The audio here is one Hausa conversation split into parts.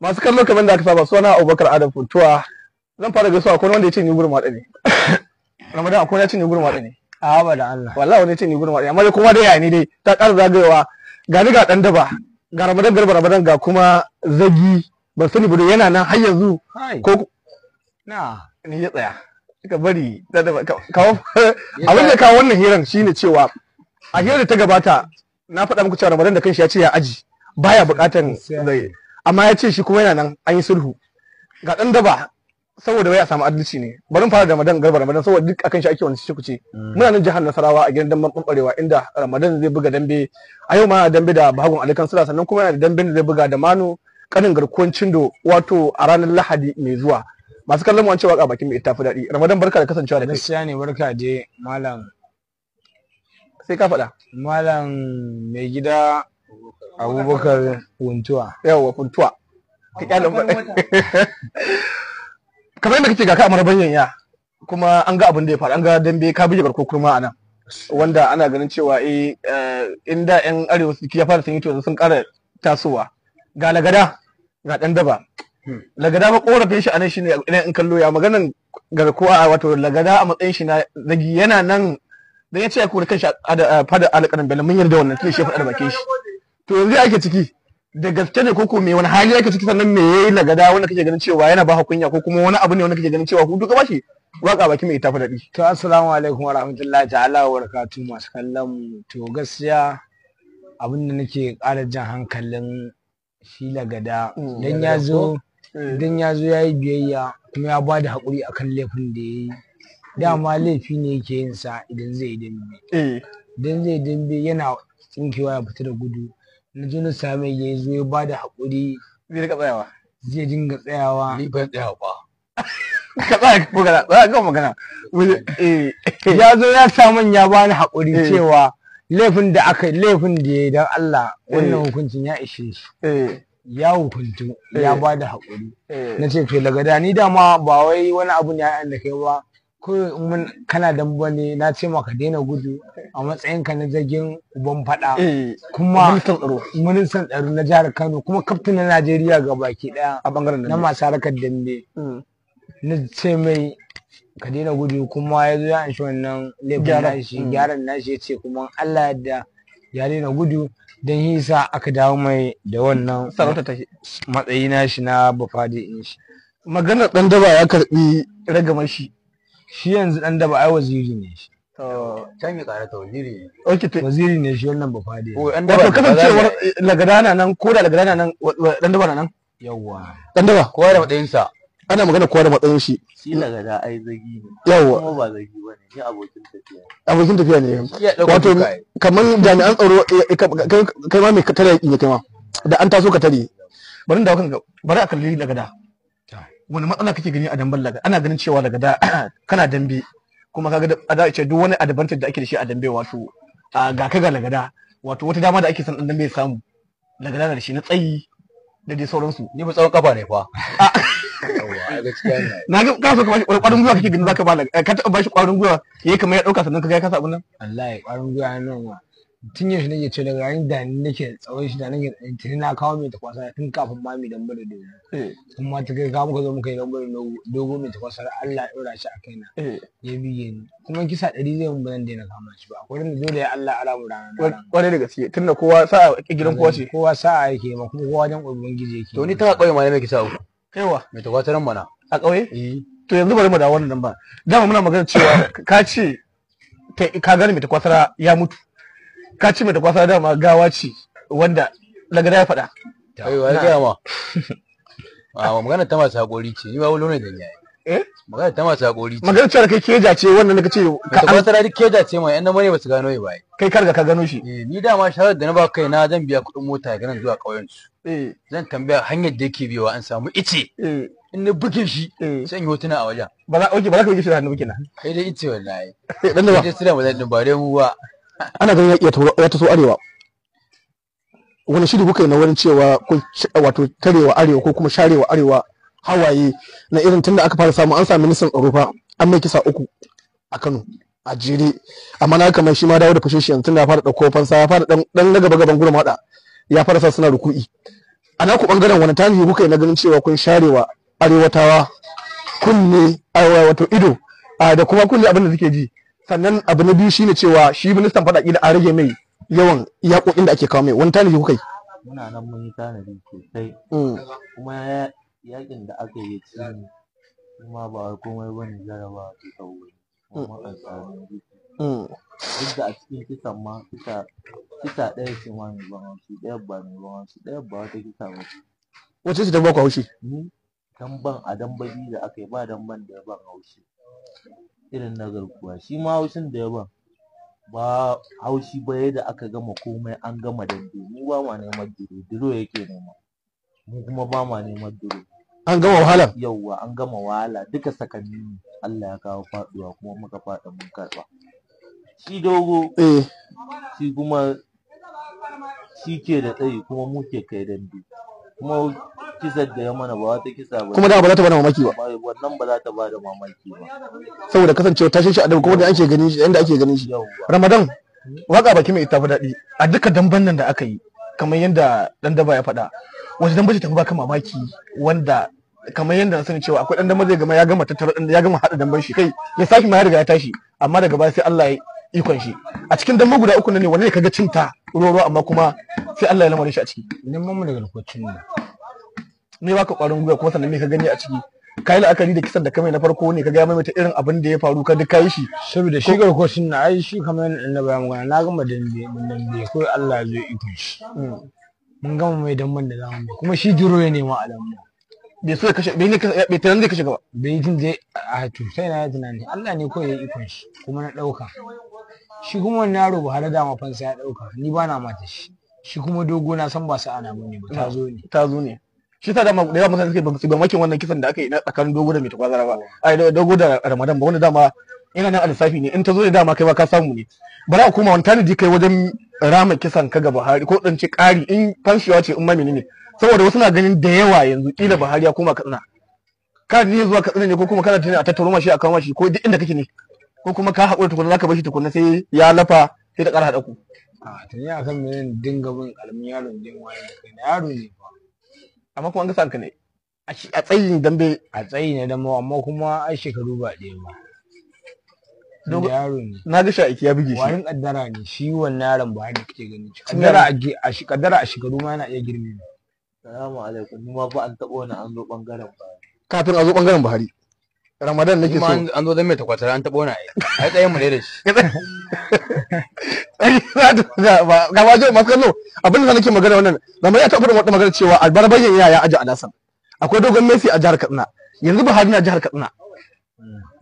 masu kallo kamar da aka saba suna abubakar adam funtuwa zan fara gaisuwa akwai wanda ya ce ni gurin da ne ramadan akwai wanda ya ce ni gurin da ne a da allah wallahi wani ya ce ni gurin da ne amma dai kuma dai ya ni dai ta ƙara zagayowa ga ni ga ɗan daba ga ramadan garba ramadan ga kuma zagi ban sani ba yana nan har yanzu ko na ni ya tsaya ka bari da da kawo abin da kawo wannan hirar shine cewa a hirar da ta gabata na faɗa muku cewa ramadan da kanshi ya ce ya aji baya buƙatan zai amma ya ce shi kuma yana nan an yi sulhu ga dan daba saboda wai a samu adalci ne bari mu fara da Ramadan garba Ramadan saboda duk akan shi ake wani shi kuce mm. muna nan jihar Nasarawa a gidan damben bambarewa inda Ramadan zai buga dambe a yau ma dambe da Bahagun Alikan sura sannan kuma yana da damben da zai buga da Manu kanin garkuwan cindo wato a ranar Lahadi mai zuwa masu kallon mu an ce waka bakin mai tafi daɗi Ramadan barka da kasancewa da kai gaskiya ne barka je malam sai ka faɗa malam mai gida abubakar wuntuwa yawa funtuwa ka kyale mu kamar yadda kake ga ka amara bayan ya kuma an ga abin da ya faru an ga dambe ka bige barko kurma anan wanda ana ganin cewa eh, eh inda yan arewa suke ya fara sanyi to sun kara tasowa ga lagada ga dan daba hmm. lagada ba korafin shi anan shine idan in kallo ya maganan a wato lagada a matsayin shi na zagi yana nan dan ya ce ya kan kanshi a fada alƙaran bello mun yarda wannan tun shi ya faɗa da bakin shi to yanzu ake ciki da gaske ne koko me wani hali ake ciki sannan me yayi lagada wanda kake ganin cewa yana ba kunya ko kuma wani abu ne wanda kake ganin cewa ku duka bashi waka baki mai tafi dadi To assalamu alaikum wa rahmatullahi ta'ala wa barakatuh masu kallon mu. To gaskiya abin da nake ƙara jan hankalin shi lagada mm, dan ya dan mm. ya zo yayi biyayya kuma ya ba da haƙuri akan laifin da yayi. Dama mm. laifi ne yake yin sa idan zai dambe. Eh. Idan zai dambe yana tsinkewa ya fita da gudu. na jini sami ya zo ya da haƙuri zai rika tsayawa zai dinga tsayawa ni tsaya ba ka tsaya magana tsaya magana eh. ya zo ya sa ya bani haƙuri eh. cewa laifin da aka laifin da ya yi don Allah eh. wannan hukuncin ya ishe shi ya hukuntu ya bada haƙuri na ce to daga ni dama ba wai wani abu ne ya da kai ba mun kana dambuwa ne na ce ka daina gudu a matsayin ka na zagin uban fada eh, kuma ministan tsaro na jihar kano kuma kaftin na najeriya ga baki daya a bangaren na masu harkar dambe mm. na ce mai ka daina gudu kuma ya zo ya shi wannan laifin nashi mm. gyaran nashi ya ce kuma allah yadda ya daina gudu don hisa aka dawo mai da wannan matsayi nashi na bafadi in shi maganar dan daba ya karbi ragamar shi shi yanzu dan ba ai waziri ne shi can yi karata waziri ne to waziri ne shi wannan ba fadi wato kasancewar lagadana nan ko da lagadana nan dan nan yawwa dan daba kowa da sa ana magana kowa da matsayin shi shi lagada ai zagi ne ba zagi bane abokin tafiya abokin tafiya ne wato kamar jami'an tsaro eh, eh, kai ma mai kai ma da an taso katare. bari da bari a kalli lagada wani matsala kake gani a damben laga ana ganin cewa daga da kana dambe kuma kaga da ce duk wani advantage da ake da shi a dambe wato ga ka ga da wato wata dama da ake son dambe ya samu laga na da shi na tsayi da dai sauransu ni ba tsawon kafa ne fa na ga ka so ka bashi kwarin gwiwa kake ganin zaka ba laga, eh, ka ba bashi kwarin gwiwa yayi kamar ya dauka sannan ka ga ya kasa abun nan wallahi kwarin gwiwa nan tun yaushe nake ce daga yayin da nake tsawon shi da nake tuni na kawo mai takwasa tun kafin ma mai dambar da dina sun eh. ma ta kai kawo muka zo muka yi na dogo mai takwasa Allah ya ɗora shi a kaina eh. ya biye ni kuma kisa ɗari zai mun bazan daina kama shi ba akwai da dole ya Allah ala mu rana kwarai da gaske tun da kowa sa'a gidan kowa ce kowa sa'a yake ma kuma kowa wajen ubangiji yake to ni ta ƙauye ma ne nake sa'a kaiwa mai ran mana a ƙauye eh. to yanzu bari mu da wannan ba dama muna magana cewa ka ce ka gani mai takwasa ya mutu ka ci mai da kwasa dama gawa ce wanda lagada ya faɗa. Aiwa ya gaya ma. A ah, magana ta masu haƙori ce, ni ba wani ne da ni yi. Eh? Magana ta masu haƙori ce. Magana cewa kai keja ce wannan da kace ka an da duk keja ce mai annan mare ba su gano ya bai. Kai karga ka gano shi. Eh, ni dama shawarar da na ba kai na zan biya kuɗin mota ganin zuwa ƙauyen su. Eh. Zan tambaya hanyar da yake biyawa an samu ice. in na bugin shi sai yi hotuna a wajen. Ba za ka buge shi da hannu kina. Kai dai ice wallahi. Dan da ba. Sai da ba zan dubare mu ba. ana ganin yaƙi ya taso arewa wani shiri kuka yi na wurin cewa kun wato tarewa arewa ko kuma sharewa arewa hawaye na irin tunda aka fara samu an sami nisan tsarufa an mai kisa uku a Kano a jere amma na kamar shi ma dawo da fushin shi yanzu tunda ya fara dauko fansa ya fara dan na gaba gaban gurin hada ya fara sa suna ruku'i a naku bangaren wani tarihi kuka yi na ganin cewa kun sharewa arewatawa kunne wato ido da kuma kunne abin da suke ji sannan abu na biyu shine cewa shi ministan faɗa ƙila an rage mai yawan iyakokin da ake kawo mai wani tanadi kuka yi muna nan mun yi tanadi sosai mm. kuma yakin da aka yi ci kuma ba komai bane jaraba ta kawai kuma mm. tsari mm. duk da a cikin kisan ma kisa kisa ɗaya ce ma mai ban haushi ɗaya ba mai ban haushi ɗaya ba wata kisa ba wacce ce ta ba ku haushi Dan ban a dambaji da aka yi ba dan ban da ya ban haushi irin na garkuwa shi ma haushin da ya ba haushi ba yadda aka gama komai an gama dambe mu ba ma neman duro duro yake nema mu kuma ba ma neman duro an gama wahala yauwa an gama wahala duka sakanni Allah ya kawo faduwa kuma muka fada mun karba shi dogo eh shi kuma shi ke da tsayi kuma muke kai dambe kuma kisar da ya mana ba wata kisa ba kuma da ba za ta bada mamaki ba wannan ba za ta bada mamaki ba saboda kasancewa tashin shi adabu kuma da ake ganin shi yanda ake ganin shi ramadan waka baki mai ita fa daɗi a duka damban nan da aka yi kamar yadda dan daba ya faɗa wasu damba ce ta baka mamaki wanda kamar yadda na sani cewa akwai dan damba zai gama ya gama tattara ya gama hada damban shi kai ya sashi ma ya riga ya tashi amma daga baya sai Allah ya ikon shi a cikin dambe guda uku ne wani ne kaga cinta ruwa ruwa amma kuma sai Allah ya lamarin shi a ciki neman mu daga lokacin ne ne baka kwarin gwiwa kuma sannan me ka gani a ciki ka yi la'akari da kisan da kamai na farko ne ka gaya mata irin abin da ya faru ka duka yi shi saboda shi ga ko na ai shi kamar yadda na bayan magana na gama dambe mun dambe ko Allah zai iko shi mm. mun gama mai damban da zamu mai kuma shi juro ya nema a dambe bai so ya kashe bai ne bai tunan zai kashe gaba bai jin zai a hatu sai na tunani Allah ne ko ya iko shi kuma na dauka shi kuma wannan yaro Buhari da mafansa ya dauka ni ba na mata shi shi kuma dogo na san ba sa ana ne ba ta zo ne ta zo ne shi sa dama da yawa mutane suke su mamakin wannan kisan da aka yi na tsakanin dogo da mai takwazara ba ai dogo da ramadan ba wanda dama ina nan alisafi ne in ta zo da dama kai ba ka samu ne bara a koma wani tanadi kai wajen rama kisan ka ga buhari ko ɗanci ƙari in fanshiwa ce in mamini ne. saboda wasu na ganin da yawa yanzu ƙila buhari ya koma katsina ka ne zuwa katsina ne ko kuma kana tunani a tattaro mashi a kawo mashi ko duk inda kake ne ko kuma ka haƙura tukunna zaka bashi tukunna sai ya lafa sai ta ƙara haɗa ku. a tuni akan menene dinga bin ƙaramin yaron din wani kai na yaro ne amma kuma an ga sanka ne a tsayin dambe a tsayi ne dambe amma kuma ai shekaru ba ɗaya ba da yaro ne na ga sha'iki ya buge shi wani kaddara ne shi wannan yaron ba da kake gani kaddara a shekaru ma yana iya girme ne assalamu alaikum ma ba an taɓa wani an zo ɓangaren ba kafin a zo ɓangaren Buhari Ramadan nake so. An zo don mai takwatar an tabo na ai tsayin mu ne da shi. Ga ma kallo abin da nake magana wannan Ramadan ya taɓa da wata magana cewa albarbayin yaya aji alasan. Akwai dogon Messi a jihar Katsina yanzu Buhari na jihar Katsina.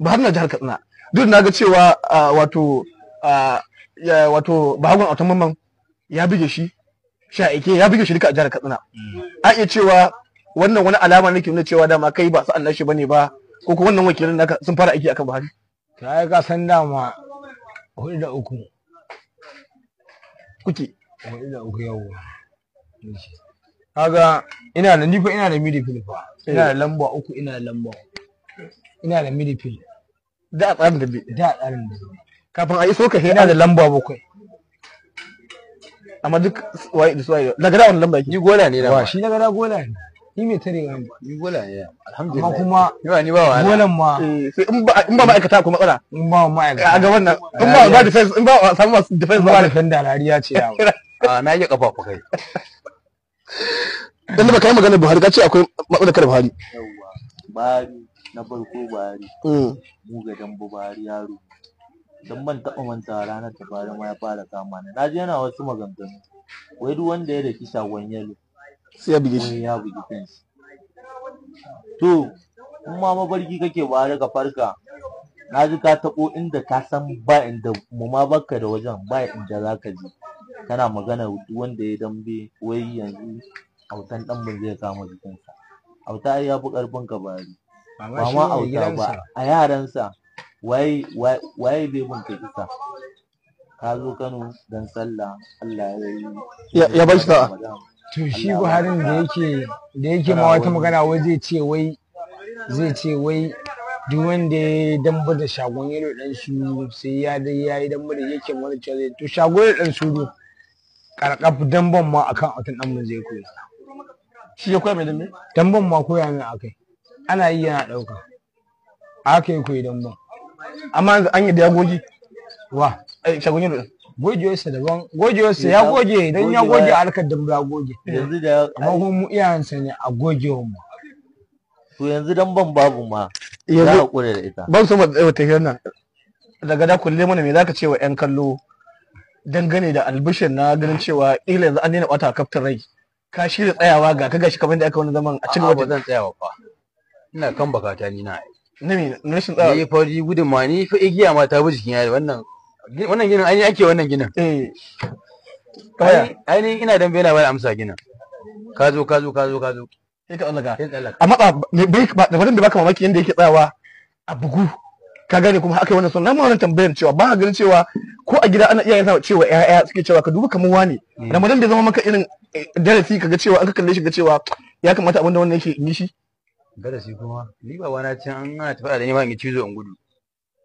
Buhari na jihar Katsina duk na ga cewa wato wato Bahagon Automaman ya bige shi sha ake ya bige shi duka a jihar Katsina. Mm. A iya cewa wannan wani alama nake nuna cewa dama kai ba sa'an nashi bane ba ko ko wannan wakilin naka sun fara aiki akan Buhari ta san da dama hudu da uku kuke hudu da uku yawo kaga ina da nifa ina da midfield fa eh. ina da lamba uku ina da lamba ina da midfield da tsarin da bi da tsarin da kafin a yi soka ina da lamba bakwai amma duk waye da suwaye daga da wani lamba yake ni gola ne da ba shi daga da gola ne ni mai tare ga ba ni gola ya alhamdulillah amma kuma yawa ni ba wa golan ma eh, sai in ba in ba ma'aikata ko matsala in ba wa ma'aikata a ga wannan in ba ba defense in ba samu masu defense ba defender lariya ce yawa a na yi kafa ku kai dan ba kai magana Buhari ka ce akwai matsalar kar Buhari yawa Buhari na farko Buhari mm. mu ga dan Buhari yaro dan ban taɓa manta ranar da Buhari ma ya fara kama ni na je yana wasu maganganu wai duk wanda ya daki shagon yalo sai ya buge shi ya buge kanshi to kuma mafarki kake ba daga farka na ji ka tabo inda ka san ba inda mu ma baka da wajen ba inda za ka je kana magana wanda ya dambe wai yanzu autan ɗan ban zai kama ka auta ya fi karfin ka ba ba ma auta ba a yaransa wai waye bai bin ka kisa ka zo Kano dan sallah Allah ya yi ya bashi to shi harin da yake da yake ma wata magana wai zai ce wai zai ce wai duk wanda ya damba da shagon yaro dan su sai ya da ya yi damba da yake mana cewa zai to shagon yalo dan shuru karkaf damban ma akan autan dan mun zai koyi shi ya koya mai dambe damban ma koya mai akai ana yi yana dauka akai yi koyi damban amma an yi da yagoji? wa shagon yalo gogewarsa daban gogewarsa ya goge idan ya goge a harkar dambe ya goge yanzu da amma kuma mu iyayensa ne a gogewar mu to yanzu dan ban babu ma za a kure da ita ban so mu tafiyar nan daga da kulle mana me zaka ce wa yan kallo dangane da albishin na ganin cewa ila yanzu an daina bata kaftar rai ka shirya tsayawa ga ka gashi kamar da aka wani zaman a cikin wata zan tsayawa fa ina kan bakata ni na na me rashin tsayawa ni fa gudun ma ni fa igiya ma ta bi jikin yari wannan wannan ginin ainihin ake wannan ginin eh ainihin ina dan bela bai amsa ginin ka zo ka zo ka zo ka zo sai ka tsallaka bai ba da wannan da baka mamaki yanda yake tsayawa a bugu ka gane kuma haka wannan sunan wannan tambayar cewa ba ganin cewa ko a gida ana iyayen sa cewa ƴaƴa suke cewa ka duba kamar wani Ramadan hmm. bai zama maka irin eh, darasi kaga cewa aka kalle shi ga cewa ya kamata abinda wannan yake yi shi darasi kuma ni ba wani can an ana tafiya da ni ma in cizo in gudu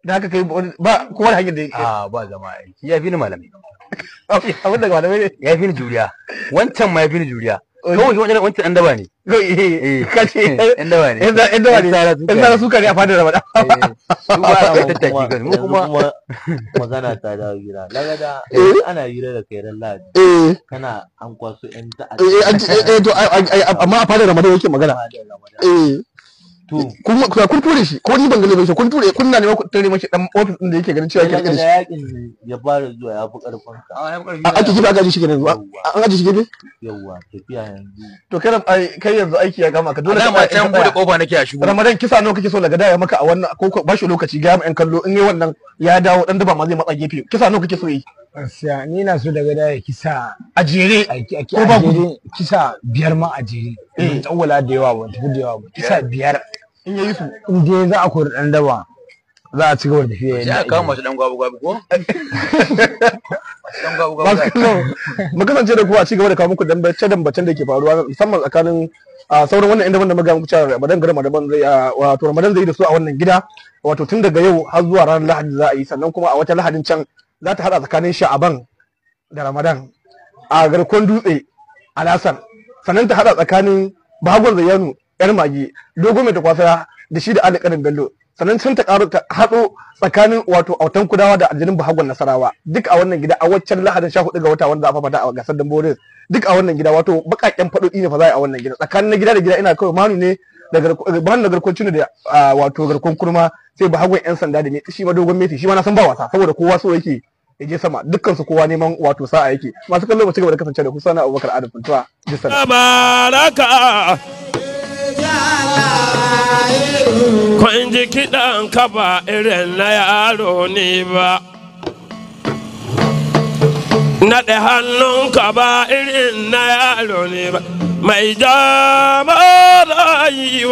da haka kai ba kowa da hanyar da a ba zama aiki ya fi ni malamai abin da malamai ne ya fi ni juriya wancan ma ya fi ni juriya kawai wajen wancan ɗan daba ne kace eh, eh, eh, ɗan daba ne ɗan daba ne ɗan zara suka ne a fadar ramada su ba a tattaki kan mu kuma magana ta dawo gida lagada ana hira da kai ran ladi kana an kwaso ƴan ta'a eh to amma a fadar ramada yake magana eh kun kun ture shi ko ni ban gane ba shi kun ture kun na neman tare mashi dan office din da yake ganin cewa yake da shi ya fara zuwa ya fi karfin ka ah, a ya karfi ake kifa gaji shi kenan an gaji shi gefe yawa tafiya yanzu to kai kai yanzu aiki ya gama ka dole ka ma can bude kofa nake a shigo ramadan kisa nawa kake so daga daya maka a wannan ko ba shi lokaci ga mu yan kallo in yi wannan ya dawo dan duba ma zai matsa gefe kisa nawa kake so yi Gaskiya ni na so daga da kisa a jere ko ba ku kisa biyar ma a jere. Eh da yawa ba tafi da yawa ba kisa biyar. In yayi su in dai za a kori dan daba za a ci gaba da fiye. Ya kawo masu dan gwabu gwabu ko? Mu kasance da ku a ci gaba da kawo muku dambace dambacen da ke faruwa musamman tsakanin a ah, sauran wannan inda wanda muka muku cewa Ramadan ga Ramadan zai ah, wato Ramadan zai da su a wannan gida wato tun daga yau har zuwa ranar Lahadi za a yi sannan kuma a wata Lahadin can za ta haɗa tsakanin sha'aban da ramadan a garkon dutse a lasan sannan ta haɗa tsakanin bagon zayyanu yan magi dogo mai takwasa da shi da alƙarin bello sannan sun ta karu ta haɗo tsakanin wato autan kudawa da aljinin bahagon nasarawa duk a wannan gida a waccan lahadin sha hudu ga wata wanda aka fata a gasar boris duk a wannan gida wato bakakken faɗoɗi ne fa za a wannan gida tsakanin na gida da gida ina kawai manu ne da eh, garkon cinu da ah, wato garkon kurma sai bahagon yan sanda da ne shi ma dogon meti shi ma na san ba wasa saboda kowa so yake ya je sama dukkan su kowa neman wato sa'a yake masu kallo ba ci gaba da kasance da ku sana Abubakar Adam Funtuwa jisar baraka kun ji kiɗan ka ba irin na yaro ne ba naɗe hannun ka ba irin na yaro ne ba mai jama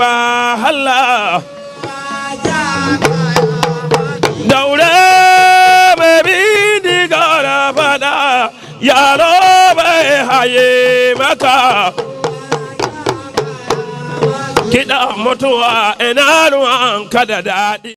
wa hala daure yaro bai haye maka kiɗa mutuwa ina ruwan ka da daɗi